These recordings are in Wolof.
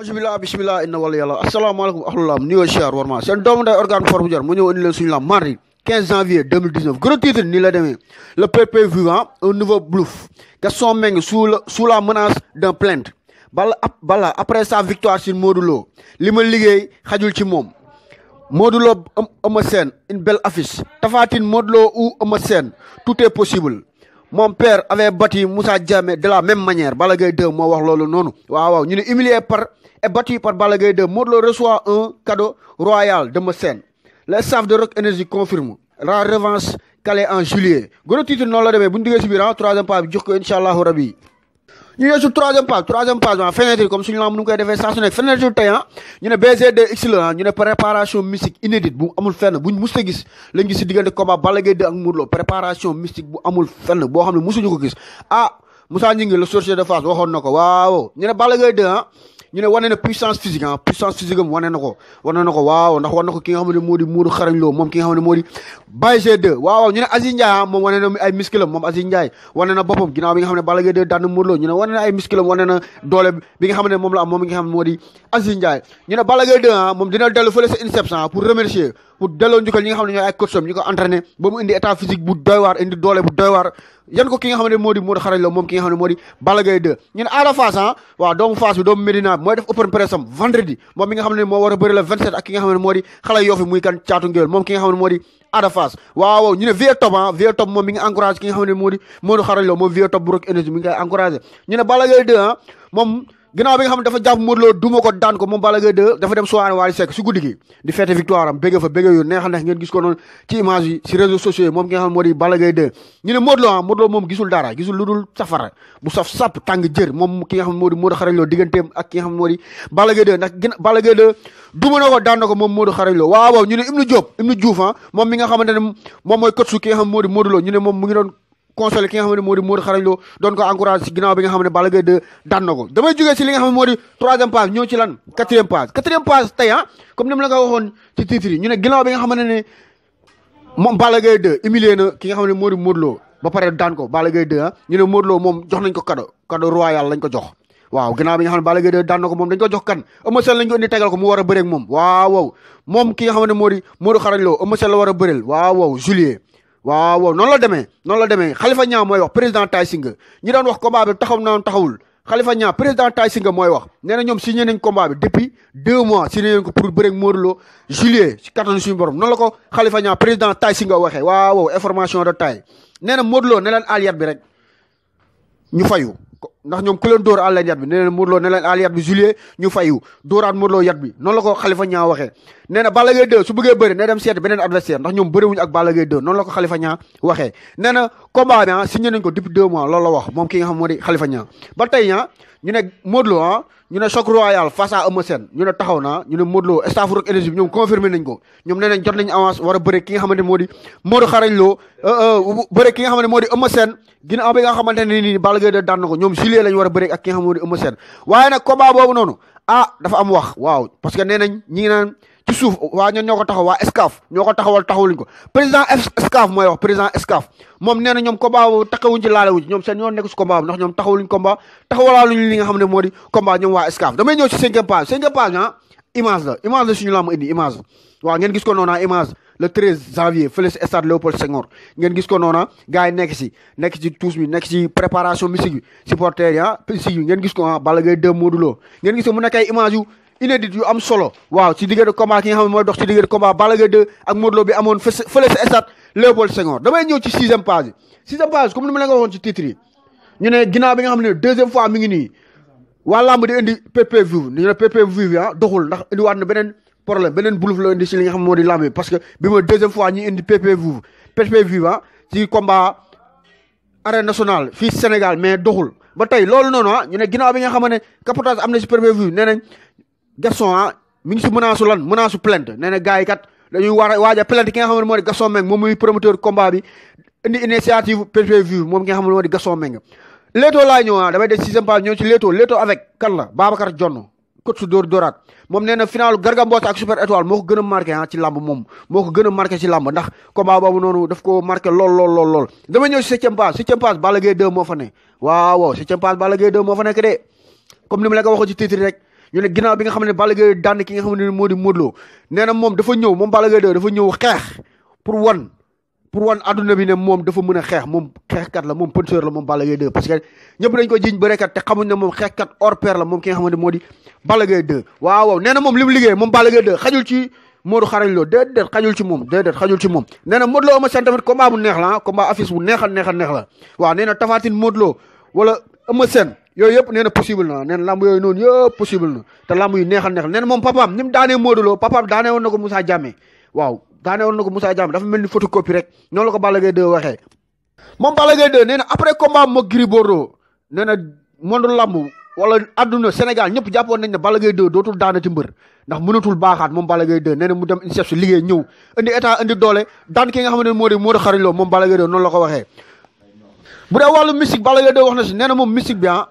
anjubilaa bisimilah inna wala yàlla asalaamaaleykum axlulaam nuyoo siyaar warma seen doomu nday organe forme jar mu ñëw indi leen suñu la mardi 15 janvier 2019 gros titre nii la demee le PP vivant un nouveau bluff Gaston Mbengue la menace d'un plainte bala après sa victoire sur Modou li ma liggéey xajul ci moom Modou Lo Eumeu Sène une belle affiche Tapha Tine Modou Lo ou Eumeu tout est possible moom mon père avait battu Moussa Diame de la même manière Balla Gaye moo wax loolu noonu waaw waaw ñu par et battu par Balla Gaye 2 Modou Lo reçoit un cadeau royal de Mecène le staff de Rock Énergie confirme la revanche calée en juillet gros titre noonu la demee bu ñu duggee si biir ah troisième pas bi jox ko incha allahu ñu ñëw si troisième page troisième page ah, comme suñu lamb nu mu koy defee saa nekk fenêtre tey ah, ñu ne BGDX la ah ñu ne préparation mystique inédite bu amul fenn buñ mus gis lañ gis si diggante combat Balla Gaye 2 ak Modou Lo bu amul fenn boo xam ne musuñu ko gis ah Moussa Gningue le sorcier de Fass waxoon na ko ñu ne Balla Gaye 2 ñu ne wane na puissance physique ah, puissance physique am wane ko wane waaw ndax wane ko ki nga xam ne Xarañ Lo moom ki nga xam ne moo di Baye waaw ñu ne Aziz Ndiaye ah, moom wane na ay musculam moom Aziz Ndiaye wane na boppam bi nga xam ne Balla Gaye 2 ñu ne wane ay musculam wane doole bi nga xam moom la am moom mi nga xam ne moo di Aziz Ndiaye ñu ne Balla Gaye ah, moom dina dellu fële sa INSEPS ah pour remercier pour delloo njukkal ñi nga xam ne ñooy ay coach am ñu ko entraîné ba mu indi état physique bu doy waar indi doole bu doy waar yan ko ki nga xam ne moo di Modou Xarañ Lo moom ki nga xam ne moo di Balla Gaye 2 ñu ne Ada Fass ah waaw doomu Fass bi doomu Médina bi mooy def open press am vendredi moom mi nga xam ne moo war a bëri le 27 ak ki nga xam ne moo di xale yoo fi muy kan caatu ngéwél moom ki nga xam ne moo di Ada Fass waaw ñu ne Vieux Top ah Vieux Top moom mi ngi encouragé ki nga xam ne moo di Modou Xarañ Lo moom Vieux Top bu rek énergie mi ngi koy encouragé ñu ne Balla Gaye 2 ah moom ginaaw bi nga xam ne dafa jàpp Modou Lo ko daan ko moom Balla Gaye 2 dafa dem soirée Wally Seck si guddi gi di fête victoire am bégge fa bégge yu xam ne moo di Balla Gaye 2 ñu ne Modou Lo ah Modou moom moo di Modou Xarañ moo di waaw ñu ne Ibnu Diop Ibnu ah nga xamante moom mooy coach ki ñu ne moom mu ngi doon consolé ki nga xam ne moo di Modou Xarañ Lo doon ko encouragé si ginnaaw bi nga xam ne Balla Gaye 2 na ko damay jógee si li nga xam ne moo di ñëw ci lan quatrième page tey ah comme ni ma la nga waxoon ci titre ñu ne ginnaaw bi nga xam ne ne ki nga xam ne moo di Modou Lo ba pare daan ko Balla Gaye 2 ah ñu ne Modou Lo moom jox nañ ko cadeau cadeau royal lañ ko jox waaw ginnaaw bi nga xam ne Balla Gaye 2 ko moom dañ ko jox kan Eumeu Sène lañ ko indi tegal ko mu war a bëreeg moom waaw waaw moom ki nga moo di Modou Xarañ Lo la war a bëreel waaw waaw waaw waaw noonu la demee noonu la demee xalifa Niang mooy wax président Tay ñi doon wax combat bi taxaw na taxawul Khalifa Niang président Tay mooy wax nee na ñoom signé nañ combat bi depuis deux mois signé nañ ko pour bëre ak Modou Lo juillet ci kattanu suñu borom noonu la ko Khalifa Niang président Tay Shinger waxee waaw information de taille nee na Modou Lo ne leen bi rek ñu fayu ndax ñoom ku leen dóor àll leen yat bi nee leen Modou Lo ne leen bi juillet ñu fayu dóoraat Modou Lo yat bi noonu la ko Khalifa Niang waxee nee na Balla Gaye 2 su bëggee bëri ne dem seeti beneen adversaire ndax ñoom bëriwuñu ak Balla Gaye 2 noonu la ko Khalifa Niang waxee nee na combat bi ah ko depuis deux mois loolu la wax moom ki nga xam moo di Khalifa ba tey ah ñu ne Modou Lo ah, ñu ne choc royal face à Eumeu ñu ne taxaw na ñu ne Modou Lo staff Rock ñoom confirmé nañ ko ñoom nee jot nañ avance war a bëre ki nga xamante moo di Modou Xarañ Lo euh, euh, bëre bi nga xamante ne nii Balla Gaye de daan na ko ñoom juillet lañ war a bëre ak ki ne moo di waaye nag combat noonu ah dafa am wax waaw parce que nee ñi naan ci suuf waa ñoom ñoo ko taxaw waa Escaf ñoo ko taxawal taxawuñ ko président Escaf mooy wax président Escaf moom nee na ñoom combat boobu taxawuñ ci laale wuñ ci ñoom seen yoon nekk si combat moo di combat ñoom waa Escaf damay ñëw gis ko noonu ah image le 13 janvier fële si ko noonu ah gars yi nekk si nekk si tuus bi nekk si préparation musique bi supporter ya ah musique bi ngeen gis ko ah Balla Gaye 2 Modou ngeen gis mu nekk image yu inédit yu am solo waaw ci diggante combat ki nga xam ne mooy dox ci diggante combat Balla Gaye 2 ak Modou bi amoon fële sa stade Léopold Senghor damay ñëw ci sixième page sixième page comme ni ma la nga waxoon ci titre yi ñu ne ginnaaw bi nga xam ne deuxième fois di indi ah, na beneen problème beneen buluf la indi si li nga xam moo di làmb bi parce que bi mooy deuxième fois ñi indi PPV PPV ah ci combat arène fii Sénégal mais doxul ba tey loolu noonu ah ñu ne ginnaaw bi nga xam ne capotage Gaston ah mi ngi si menace lan menace plainte nee na kat dañuy war a waaj a plainte ki nga xam ne moo di Gaston Mbengue moom muy promoteur combat bi indi initiative PPV moom ki nga xam ne moo di Gaston Mbengue Leewtoo laay ñëw ah damay def sixième page si ah, septième page septième page moo fa ne waaw waaw septième page Balla Gaye 2 moo fa nekk de comme ni mu la ko waxoon ci rek ñu ne ginnaaw bi nga xam ne Balla daan ki nga xam ne moo di Modou Lo nee moom dafa ñëw moom Balla Gaye dafa ñëw xeex pour wan pour wan adduna bi ne moom dafa mën a xeex moom xeexkat la moom puncheur la moom Balla Gaye parce que ñëpp dañ ko jiñ bërekat te xamuñ ne moom xeexkat hors pair la moom ki nga xamante moo di Balla waaw waaw nee moom li liggéey moom Balla Gaye 2 xajul ci Modou xarañ Lo déedéet xajul ci moom déedéet xajul ci moom nee na Modou Lo ama seen tamit combat bu neex la ah combat affiche bu neexal neexal neex la waaw nee ama seen yooyu yëpp nee na possible na nee na lamb yooyu noonu yëpp possible na te lamb yu neexal neexal nee na moom papaam ni mu daanee Modou Lo papaam daanee woon na ko Moussa Diame waaw daanee woon na ko Moussa Diame dafa mel ni photocopie rek noonu la ko Balla Gaye waxee moom Balla Gaye 2 nee na après combat mook Gris Bordeaux nee na monde lamb adduna Sénégal ñëpp jàppoon nañ ne Balla Gaye 2 dootul daanati mbër ndax mënatul baaxaat moom Balla Gaye 2 nee na mu liggéey ñëw indi état indi doole daan ki nga moo di moo di moom Balla Gaye la ko waxee bu dee wàllu wax na si nee na moom mystique bi ah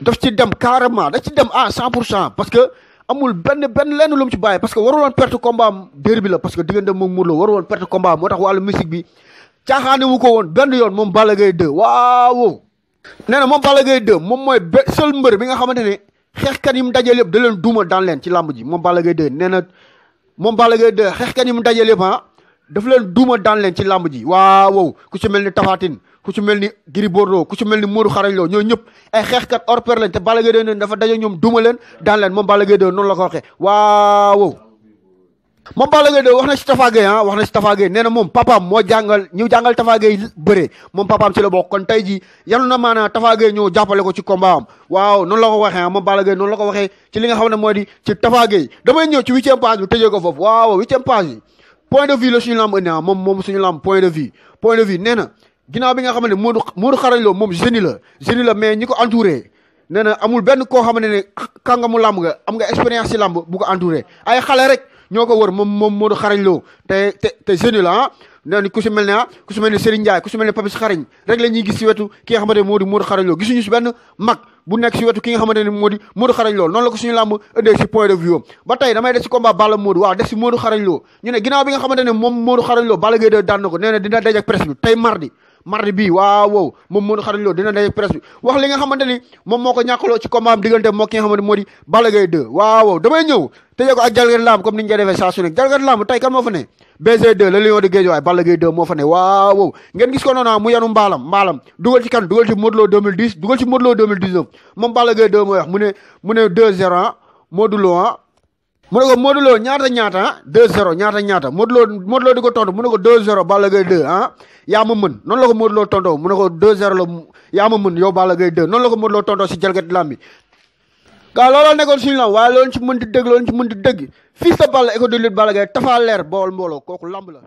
daf ci dem carrément daf ci dem à cent pour cent parce que amul benn benn lenn lu mu ci bàyyi parce que waru woon perte combat am la parce que diggante moom Modou Lo waru woon perte combat am moo tax wàllu musique bi caaxaane wu ko woon benn yoon moom Balla Gaye 2 waaw nee na moom Balla Gaye 2 moom mooy be seul mbër bi nga xamante ne xeexkat yi mu dajeel yëpp da leen duuma daan leen ci làmb ji moom Balla Gaye 2 nee na moom Balla Gaye 2 xeexkat yi mu dajeel yëpp ah daf leen duuma daan leen ci làmb ji waaw ku ci mel ni Tapha ku ci mel ni Gris Bordeaux ku ci mel ni Modou Xarañ Lo ñoo ñëpp ay xeexkat hors pair lañ te Balla Gaye dafa daje ñoom duma leen daan leen moom Balla Gaye 2 noonu la ko waxee waaw. moom Balla wax na ci Tapha ah, wax na ci Tapha Gueye nee na moom papaam moo jàngal ñu jàngal Tapha Gueye bëre moom papaam ci la bokk kon tey jii yanu na maanaam ñëw jàppale ko ci combat waaw noonu la ko waxee ah moom Balla Gaye noonu la ko waxee ci li nga xam ne moo di ci Tapha Gueye damay ñëw ci huitième page bi tëjee ko foofu waaw huitième page bi point de vue la suñu lamb indi ah moom moom suñu lamb point de vue point de vue nee na ginnaaw bi nga xam ne Modou Modou Xarañ Lo moom génie la génie mais ñi ko entouré nee na amul koo xam ne ne nga am nga expérience ci làmb bu ko entouré ay xale rek ñoo ko wër moom moom Modou Xarañ Lo te te te génie ah. ah, moo di Modou Xarañ Lo gisuñu si benn mag bu nekk si moo di Modou Xarañ Lo noonu la ko suñu làmb ëndee si ñu ne ginnaaw bi nga xamante ne moom Modou Xarañ Lo Balla Gaye na ko nee na dina dajak presse bi mardi mardi bii waaw wow moom Modou Xarañ Lo dina daje presse wax li nga xamante ni moom moo ko ñàkkaloo ci combat am diggante moo ki xamante moo di Balla Gaye 2 waaw damay ñëw tëjee ko ak jalgati lamb comme ni ñu koy defee jalgati lamb tey kan moo fa ne BG2 le lion de Guédiawaye Balla Gaye 2 moo fa ne waaw wow ngeen gis ko noonu ah, mu yanu mbaalam mbaalam dugal ci kan dugal ci Modou Lo dugal ci Modou Lo 2019 moom Balla Gaye 2 mooy mu ne mu ne mu ne ko Modou Lo ñaata ñaata ah 2 ñaata ñaata Modou Lo Modou di ko tontu mu ne ko 2-0 Balla Gaye 2 ah yaa ma mën noonu la ko Modou Lo tontoo mu ne ko 2-0 la yaa ma mën yow Balla Gaye 2 noonu la ko Modou Lo tontoo si jalgati lam bi gaa looloo nekkoon suñu lam waaye loolu ci mën di dëgg loolu ci mën di dëgg fils de Balla école de lutte Balla Leer bool mbooloo kooku lamb la